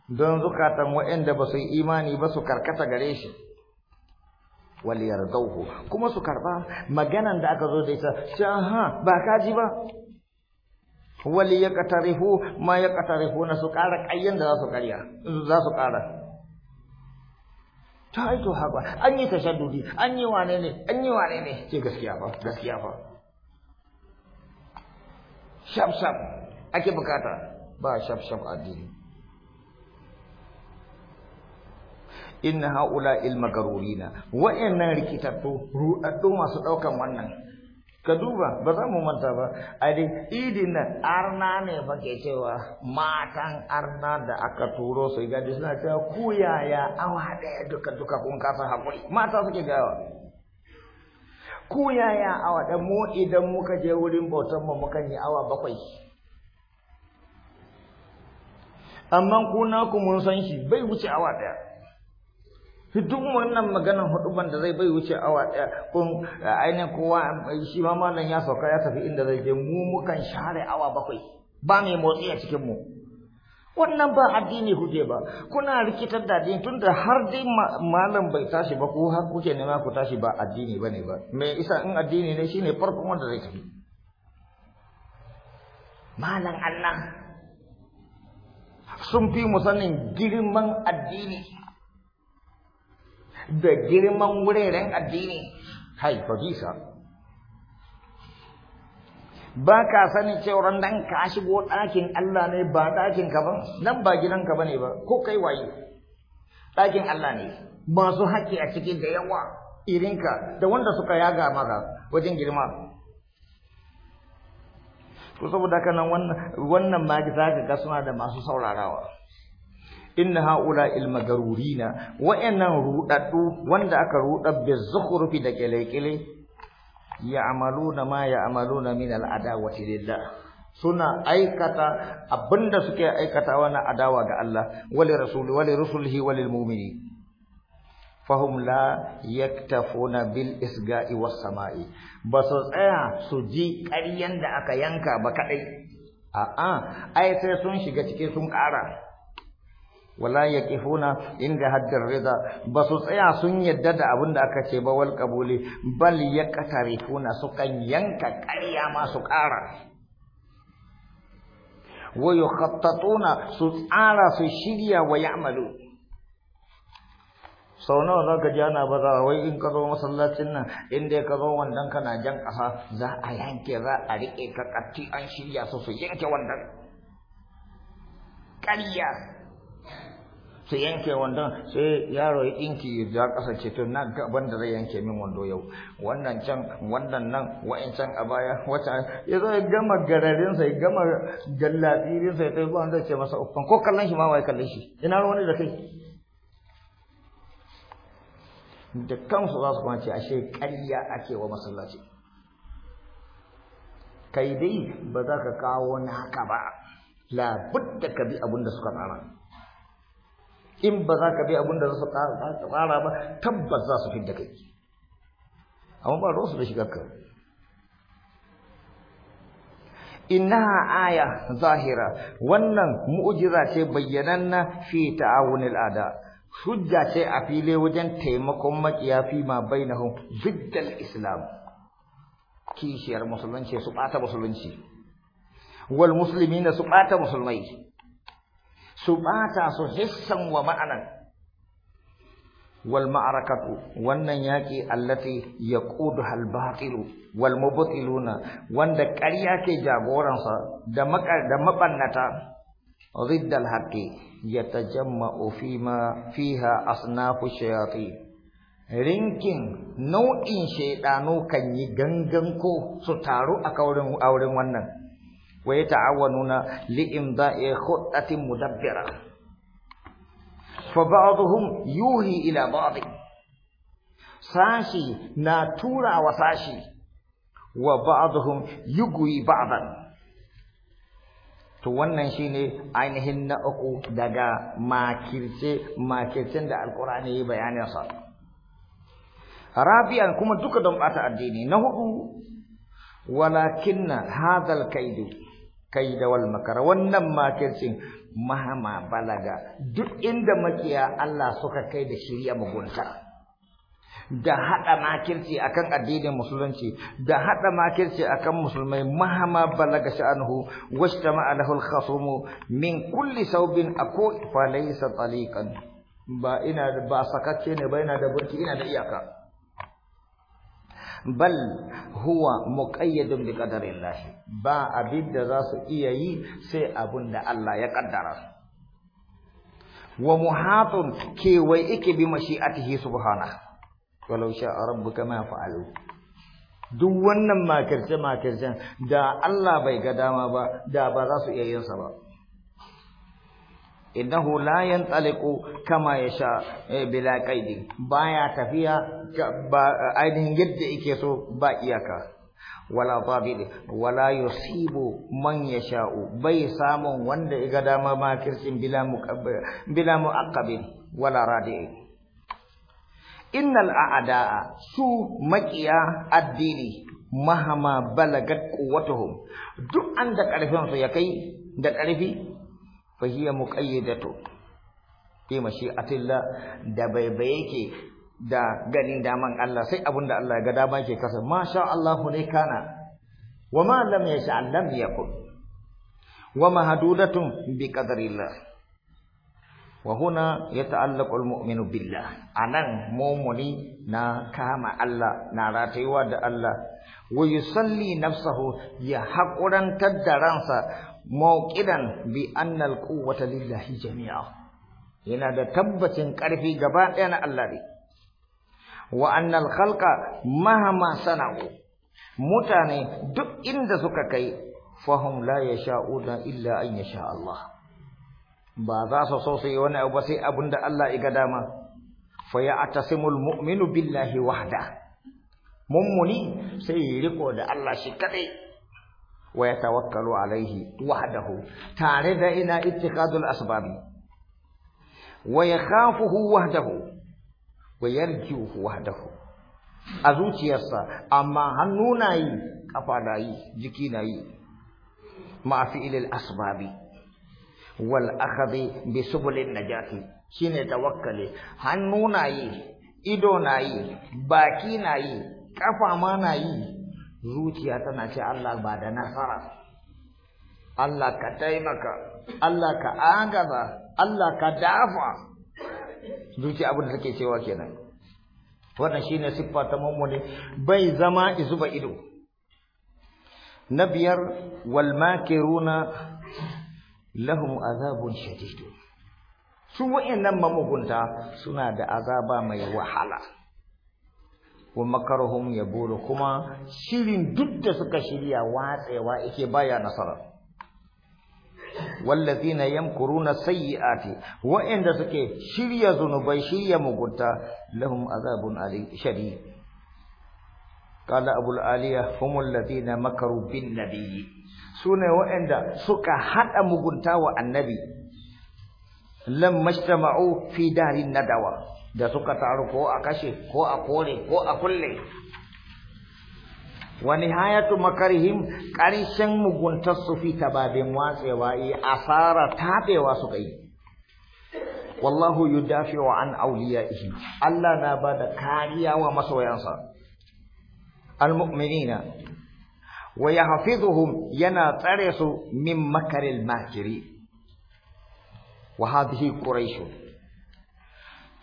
don zukatan waɗanda ba su imani ba su karkata gare shi waliyar dauhu kuma su karba maganan da aka zo da ita sha aha, ba kaji ba Wali ya katarihu ma ya Na su kara kayyan da za su karya za su kara ta aito haka an yi tashaddudi an yi wane ne an yi wane ne ce gaskiya fa gaskiya fa shafshaf ake bukata ba shafshaf addini inna haula il magarurina wa'annan rikitattu ruɗaɗɗu masu ɗaukan wannan ka duba ba za mu manta ba a dai idin nan arna ne fa ke cewa matan arna da aka turo su da suna cewa ku yaya awa ɗaya duka duka kun kasa haƙuri mata suke gawa ku yaya awa ɗaya mu idan muka je wurin bautan mu muka yi awa bakwai amma ku mun san shi bai wuce awa ɗaya duk wannan maganan huduban da zai bai wuce awa ɗaya kun ainihin kowa shi ma malam ya sauka ya tafi inda zai je mu mukan share awa bakwai ba mai motsi a cikin mu wannan ba addini kuke ba kuna rikitar da addini tunda har dai malam bai tashi ba ko har kuke nema ku tashi ba addini bane ba me isa in addini ne shine farkon wanda zai tafi malam Allah sun fi musanin girman addini da girman wuraren addini kai fadisa ba ka sani cewar nan ka shigo ɗakin Allah ne ba ɗakin ka ba nan ba gidanka ba ne ba ko kai waye ɗakin Allah ne masu haƙƙi a cikin da yawa irinka da wanda suka yaga maka wajen girma ko saboda haka nan wannan wannan ma ka ga suna da masu saurarawa inna haula ilmagarurina wa'annan rudaddu wanda aka rudar bi zukhrufi da kelekele ya'maluna ma ya'maluna min al'adawati lillah suna aikata abinda suke aikatawa na adawa ga Allah wali rasuli wali rusulihi wali mu'mini fahum la yaktafuna bil isga'i was sama'i ba tsaya su ji ƙaryan da aka yanka ba kadai a'a ai sai sun shiga cikin sun ƙara wala yaqifuna inda haddar rida basu tsaya sun yadda da abin da aka ce ba wal qabuli bal yaqtarifuna su kan yanka ƙarya ma su ƙara wa yukhattatuna su tsara su shirya wa ya'malu sau nawa za ka ji ana baza wai in ka zo masallacin nan in dai ka zo wandon kana jan ƙasa za a yanke za a riƙe ka ƙatti an shirya su su yanke wandon ƙarya su yanke wandon sai yaro ya ɗinki ya ƙasa ce to na gaban da zai yanke min wando yau wannan can wannan nan wa'incan a baya wata ya zo ya gama gararinsa ya gama gallatsirinsa ya tsaye zuwa zai ce masa uffan ko kallon shi ma wai kallon shi ina ruwan da kai da kansu za su kuma ce ashe ƙarya ake wa masallaci kai dai ba za ka kawo naka ba labudda ka bi abin da suka tsara in ba za ka bi abin da za su ƙara ba tabbas za su fidda kai amma ba su da shigar ka innaha aya zahira wannan mu'jiza ce bayyananna fi ta'awunil ada hujja ce a fili wajen taimakon makiya fi ma bainahum ziddal islam kishiyar musulunci su bata musulunci wal muslimina su bata musulmai su ɓata su hissan wa ma'anan wal ma'arakatu wannan yaƙi allati ya ƙudu batilu wal mubtiluna wanda ƙarya ke jagoransa da makar da mabannata riddal haqqi yatajamma'u fima fiha asnafu shayati rinkin nau'in shaidanu kan yi gangan ko su taru a kaurin auren wannan ويتعاونون لإمضاء خطة مدبرة فبعضهم يوهي إلى بعض ساشي ناتورا وساشي وبعضهم يقوي بعضا to wannan shine ainihin na uku daga makirce makircen da alkur'ani ya bayanin sa rabi'an kuma duka don bata addini na hudu walakinna hadal kaidu kaida wal makara wannan makircin mahama balaga duk inda makiya Allah suka kai da shirya mugunta da hada makirci akan addinin musulunci da hada makirci akan musulmai mahama balaga sha'anhu wastama alahu al min kulli saubin ako fa laysa taliqan ba ina ba sakacce ne ba ina da burki ina da iyaka bal huwa muqayyadun bi qadarillah ba abin da za su iya yi sai abin da Allah ya kaddara wa muhatun wai ike bi mashi'atihi subhana walau sha'a rabbuka ma fa'alu duk wannan makirce makircen da Allah bai ga dama ba da ba za su iya yin sa ba innahu la yantaliqu kama yasha bila qaidi baya tafiya ainihin yadda yake so ba iyaka wala tabil wala yusibu man yasha'u bai samun wanda iga dama ma kirsin bila muqabbal bila muaqqabin wala radi'i innal a'da'a su maqiya addini mahama balagat quwwatuhum duk anda karfin su ya kai da karfi fa hiya muqayyadatu bi mashi'atillah da baibaye da ganin daman Allah sai abunda Allah ya ga dama ke kasa masha Allah ne kana wa ma lam yasha lam yakun wa mahdudatun bi qadarillah wa huna yata'allaqu almu'minu billah anan mu'mini na kama Allah na ratayuwa da Allah wa yusalli nafsahu ya haƙurantar da ransa mawqidan bi anna quwwata lillahi jami'a yana da tabbacin karfi gaba ɗaya na Allah ne wa anna khalqa mahama sana'u mutane duk inda suka kai fahum la yasha'una illa an yasha Allah ba za su so su yi wani abu sai abin da Allah ya ga dama fa ya atasimul mu'minu billahi wahda mummuni sai riko da Allah shi kadai Waya yatawakkalu alaihi wahdahu tare da ina ittikadul asbabi wa yakhafuhu wahdahu wa yarjuhu wahdahu a zuciyarsa amma hannu na yi kafa na yi jiki na yi ma fi'ilil asbabi wal akhadhi bi subulin najati hannu na yi ido na yi baki na yi kafa ma na yi zuciya tana ce Allah ba da nasara Allah ka taimaka Allah ka agaza Allah ka dafa zuciya abin da take cewa kenan wannan shine siffa ta mummuni bai zama izuba ido na biyar wal makiruna lahum azabun shadid su wa'annan mamugunta suna da azaba mai wahala wa makaruhum yaburu kuma shirin duk da suka shirya watsewa yake baya nasara wallazina yamkuruna sayyiati wa inda suke shirya zunubai shirya mugunta lahum azabun ali shadid qala abul aliya humul ladina makaru bin nabiyyi sune wa'anda suka hada mugunta wa annabi lam majtama'u fi darin nadawa da suka taru ko a kashe ko a kore ko a kulle wani hayatu makarihim ƙarshen muguntar su fi tababin watsewa yi asara tabewa suka yi wallahu yudafi'u an awliya'ihi Allah na bada kariya wa masoyansa almu'minina wa yahfizuhum yana tsare su min makaril makiri wa hadhihi quraish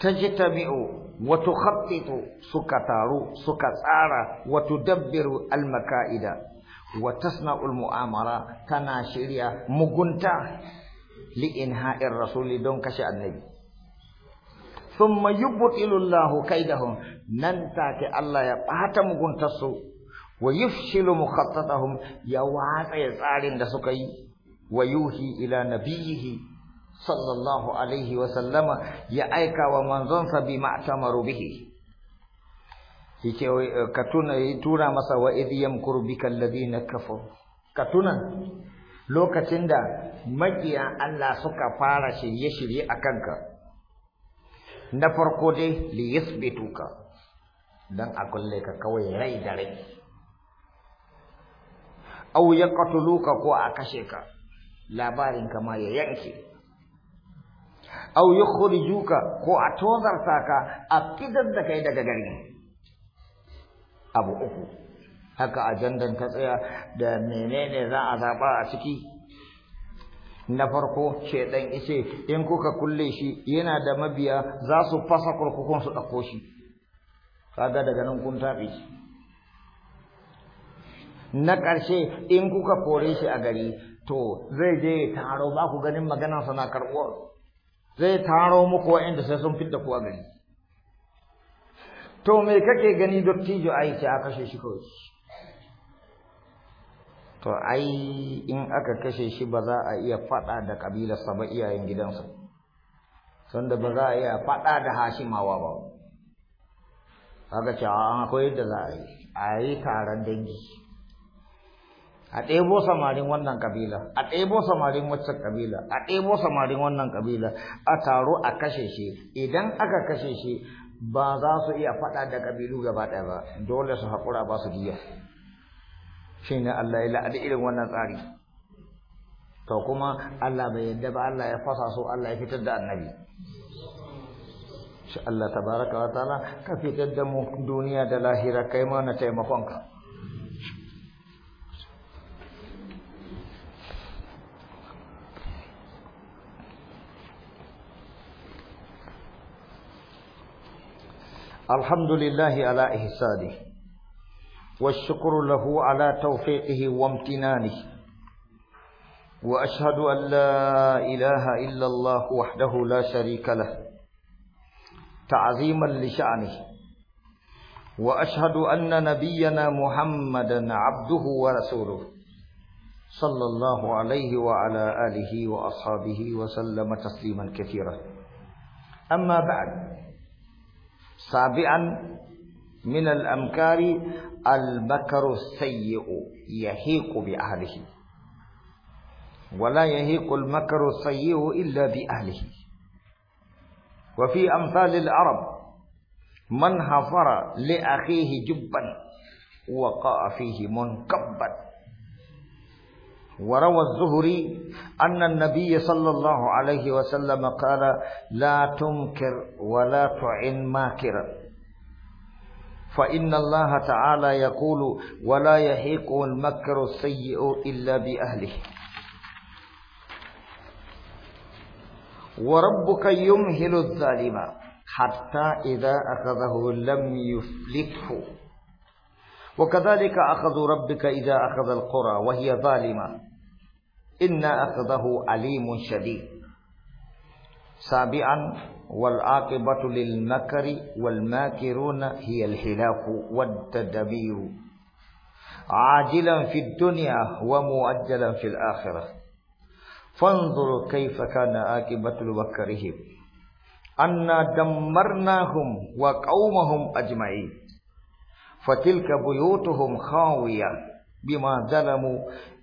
tajtami'u wa tukhattitu suka taru suka tsara wa tudabbiru almak'a'ida. wa tasna'u al tana shirya mugunta li inha'ir rasuli don kashe annabi thumma yubtilu Allahu kaidahum nan take Allah ya bata muguntarsu wa yufshilu mukhattatahum ya watsa tsarin da suka yi wa yuhi ila nabiyhi sallallahu alaihi wasallama ya aika wa manzonsa bi ma'tamaru bihi eh, ka tuna eh, tura masa wa idh yamkuru bika alladhina kafaru ka tuna lokacin da makiya Allah suka fara shirye-shirye a kanka na farko dai li ka, dan a kulle ka kawai rai da rai aw yaqtuluka ko a kashe ka labarin kama ya yanke aw yukhrijuka ko a tozarta ka a fitar da kai daga gari abu uku haka ajandan ta tsaya da menene za a zaba a ciki na farko dan ice in kuka kulle shi yana da mabiya za su fasa kurkukun su ɗauko shi kaga daga nan kun tafi. na ƙarshe in kuka kore shi a gari to zai je taro ba ku ganin maganarsa na karbuwa zai taro muku wa'inda sai sun fidda ku a gari to me kake gani dottijo ai sai a kashe shi kawai to ai in aka kashe shi ba za a iya faɗa da ƙabilarsa ba iyayen gidansa sanda ba za a iya faɗa da hashimawa ba aka ce akwai yadda za a yi a yi taron dangi a ɗebo samarin wannan kabila a ɗebo samarin wancan kabila a ɗebo samarin wannan kabila a taro a kashe shi idan aka kashe shi ba za su iya faɗa da kabilu gaba ɗaya ba dole su haƙura ba su diya shi ne Allah ya la'adi irin wannan tsari to kuma Allah bai yadda ba Allah ya fasa so Allah ya fitar da annabi shi Allah tabaraka wa ta'ala ka fitar da mu duniya da lahira kai ma na taimakonka الحمد لله على إحسانه والشكر له على توفيقه وامتنانه وأشهد أن لا إله إلا الله وحده لا شريك له تعظيما لشأنه وأشهد أن نبينا محمدا عبده ورسوله صلى الله عليه وعلى آله وأصحابه وسلم تسليما كثيرا أما بعد سابعا من الأمكار البكر السيء يهيق بأهله ولا يهيق المكر السيء إلا بأهله وفي أمثال العرب من حفر لأخيه جبا وقع فيه منكبا وروى الزهري أن النبي صلى الله عليه وسلم قال لا تنكر ولا تعن ماكرا فإن الله تعالى يقول ولا يحيق المكر السيء إلا بأهله وربك يمهل الظالم حتى إذا أخذه لم يفلته وكذلك أخذ ربك إذا أخذ القرى وهي ظالمة إن أخذه عليم شديد سابعا والعاقبة للمكر والماكرون هي الحلاف والتدبير عاجلا في الدنيا ومؤجلا في الآخرة فانظر كيف كان عاقبة مكرهم أنا دمرناهم وقومهم أجمعين فتلك بيوتهم خاوية بما ظلموا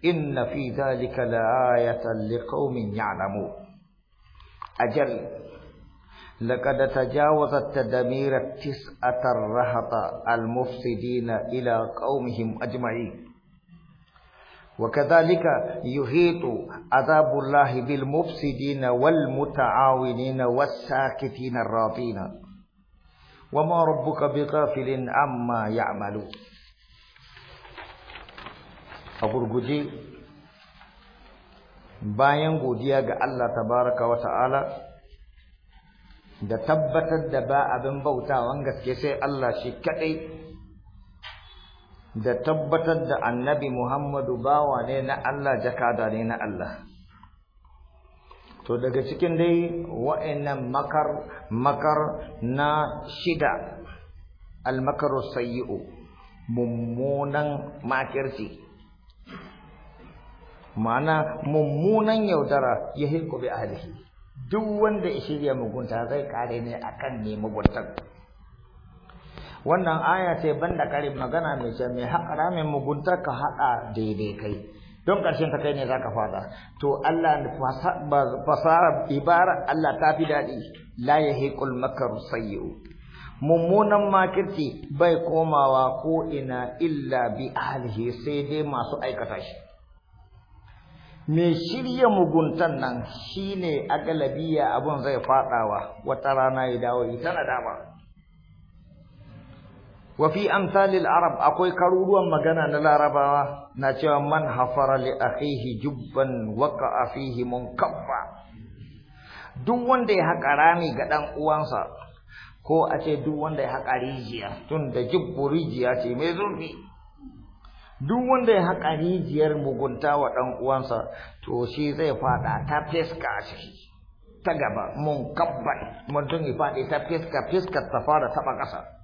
إن في ذلك لآية لقوم يعلمون أجل لقد تجاوز التدمير التسعة الرهط المفسدين إلى قومهم أجمعين وكذلك يهيط عذاب الله بالمفسدين والمتعاونين والساكتين الراضين وما ربك amma ya ya'malu a gurguje bayan godiya ga Allah tabaraka wa ta'ala da tabbatar da ba abin bautawan gaske sai Allah shi kadai da tabbatar da annabi Muhammadu bawa ne na Allah jakada ne na Allah to daga cikin dai wa'annan makar makar na shida almakaru sayyi'u mummunan makirci ma'ana mummunan yaudara ya hirku bi ahlihi duk wanda ya shirya mugunta zai kare ne akan ne muguntar wannan aya ce banda karin magana mai ce mai haƙara mai mugunta ka haɗa daidai kai don ƙarshen ta kai ne za ka fada to Allah fasara ibara Allah ta fi daɗi la yahiqul makaru sayyi'u mummunan makirci bai komawa ko ina illa bi ahlihi sai dai masu aikata shi mai shirya muguntan nan shine a galabiya abun zai fadawa wata rana ya dawo ita na dama wa fi amsalil arab akwai karuruwan magana na larabawa na cewa man hafara li akhihi jubban waqa'a fihi munkaffa duk wanda ya haƙa rami ga dan uwansa ko a ce duk wanda ya haƙa rijiya tun da jubbu rijiya ce mai zurfi duk wanda ya haƙa rijiyar mugunta wa ɗan uwansa to shi zai fada ta fiska a ciki ta gaba mun kabban mutum ya faɗi ta fiska fiskar ta fara taɓa ƙasa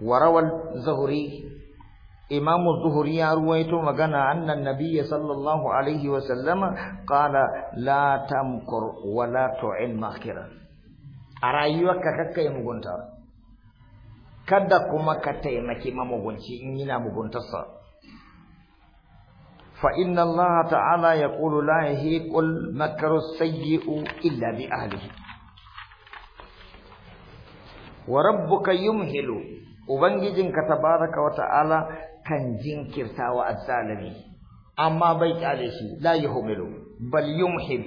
warawar zuhuri إمام الظهري رويت مغنى أن النبي صلى الله عليه وسلم قال لا تمكر ولا تعن ماكرا أرأيوك ككي مغنطا kada kuma ka taimaki mamugunci in yana muguntarsa fa inna allaha ta'ala yaqulu la yahiqul makru sayyi'u illa bi wa Ubangijin ubangijinka tabaraka wa ta'ala kan jinkirta wa azzalimi amma bai kyale shi la yuhmilu bal yumhib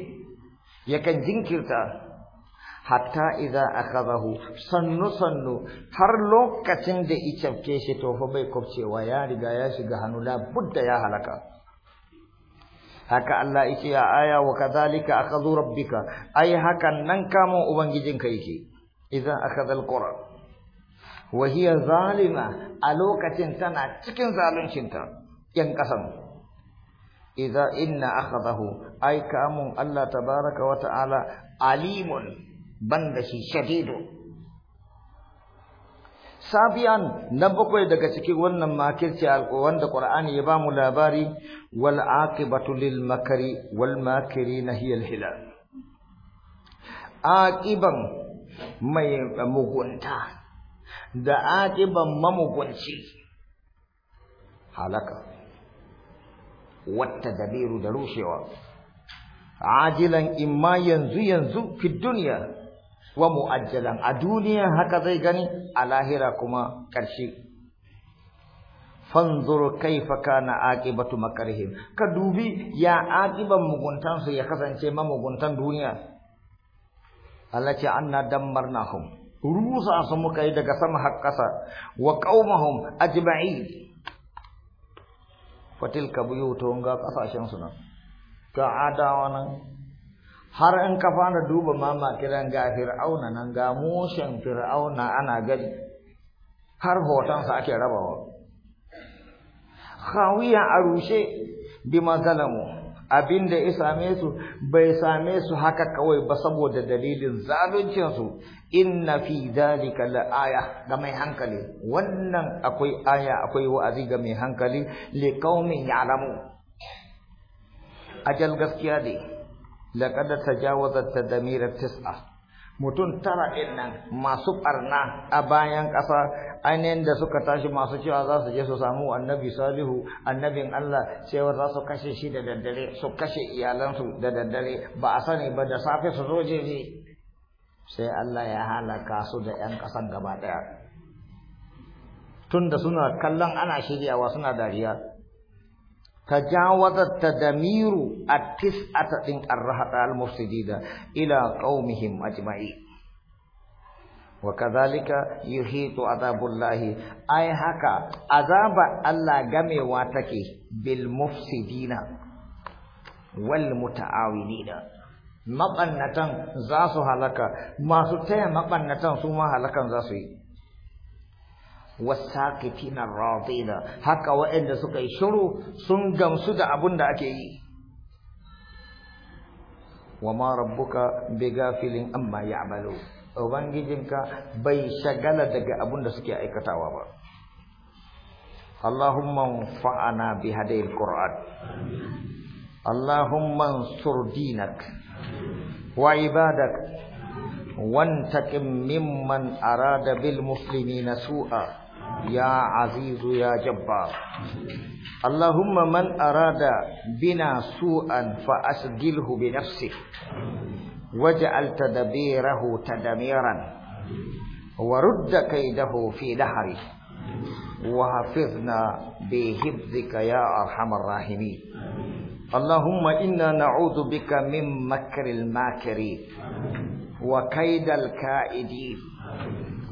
yakan jinkirta hatta idza akhadahu sannu sannu har lokacin da icafke shi to fa bai kofcewa ya riga ya shiga hannu la budda ya halaka haka Allah yake ya aya wa kadhalika akhadhu rabbika ai hakan nan kamo ubangijinka yake idan akhadha alqura wa hiya zalima a lokacin tana cikin zaluncinta yan kasan idza inna akhadahu ay kamun Allah tabaraka wa ta'ala alimun banda shi shadidu sabiyan na bakwai daga cikin wannan makirci wanda qur'ani ya bamu labari wal aqibatu lil makari wal makirina hiya al hilal aqiban mai mugunta da aqiban mamukunci halaka wata dabiru da rushewa ajilan imma yanzu yanzu fi duniya wa mu'ajjalan a duniya haka zai gani a lahira kuma ƙarshe fanzur kaifa kana aqibatu makarihim ka dubi ya aqiban muguntansu ya kasance mamuguntan duniya Allah ce anna dammarnahum rusa su muka yi daga sama har ƙasa wa qaumahum ajma'in fatilka to ga kasashen su nan ka adawa nan har in ka fara duba mama kiran ga fir'auna nan ga mushin fir'auna ana gani har hoton sa ake rabawa khawiya arushe bi mazalamu abinda ya same su bai same su haka kawai ba saboda dalilin zaluncinsu inna fi dhalika la'aya ga mai hankali wannan akwai aya akwai wa'azi ga mai hankali li qaumin ya'lamu ajal gaskiya ne laqad tajawazat tadmirat tis'a mutum tara ɗin nan masu ɓarna a bayan ƙasa ainihin da suka tashi masu cewa za su je su samu annabi salihu annabin Allah cewa za su kashe shi da daddare su kashe iyalansu da daddare ba a sani ba da safe su zo jeji sai Allah ya halaka su da ‘yan ƙasan gaba ɗaya tun da suna kallon ana shiryawa suna dariya تجاوز التدمير التسعة إن الرهط المفسدين إلى قومهم أجمعين وكذلك يحيط عذاب الله أي هكا عذاب الله جمع واتكي بالمفسدين والمتعاونين مقنة زاسو هلكا ما ستة مقنة سوما هلكا زاسوي wasaqitina radina haka waɗanda suka yi shiru sun gamsu da abun da ake yi wama rabbuka bighafilin amma ya'malu ubangijinka bai shagala daga abun da suke aikatawa ba Allahumma fa'ana bi hadayil Qur'an Allahumma ansur dinak wa ibadak وانتقم ممن أراد بالمسلمين سوءا يا عزيز يا جبار اللهم من أراد بنا سوءا فأسجله بنفسه واجعل تدبيره تدميرا ورد كيده في دهره وحفظنا بحفظك يا أرحم الراحمين اللهم إنا نعوذ بك من مكر الماكرين وكيد الكائدين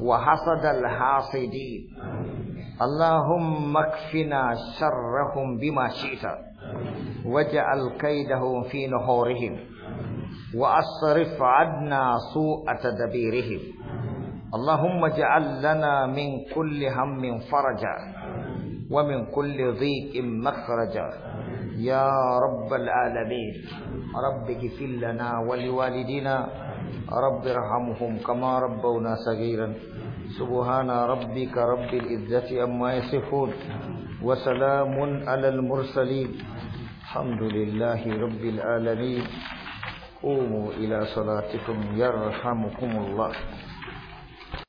وحصد الحاصدين اللهم اكفنا شرهم بما شئت واجعل كيدهم في نحورهم وأصرف عنا سوء تدبيرهم اللهم اجعل لنا من كل هم فرجا ومن كل ضيق مخرجا يا رب العالمين رب اغفر لنا ولوالدينا رب ارحمهم كما ربونا صغيرا سبحان ربك رب العزة عما يصفون وسلام على المرسلين الحمد لله رب العالمين قوموا إلى صلاتكم يرحمكم الله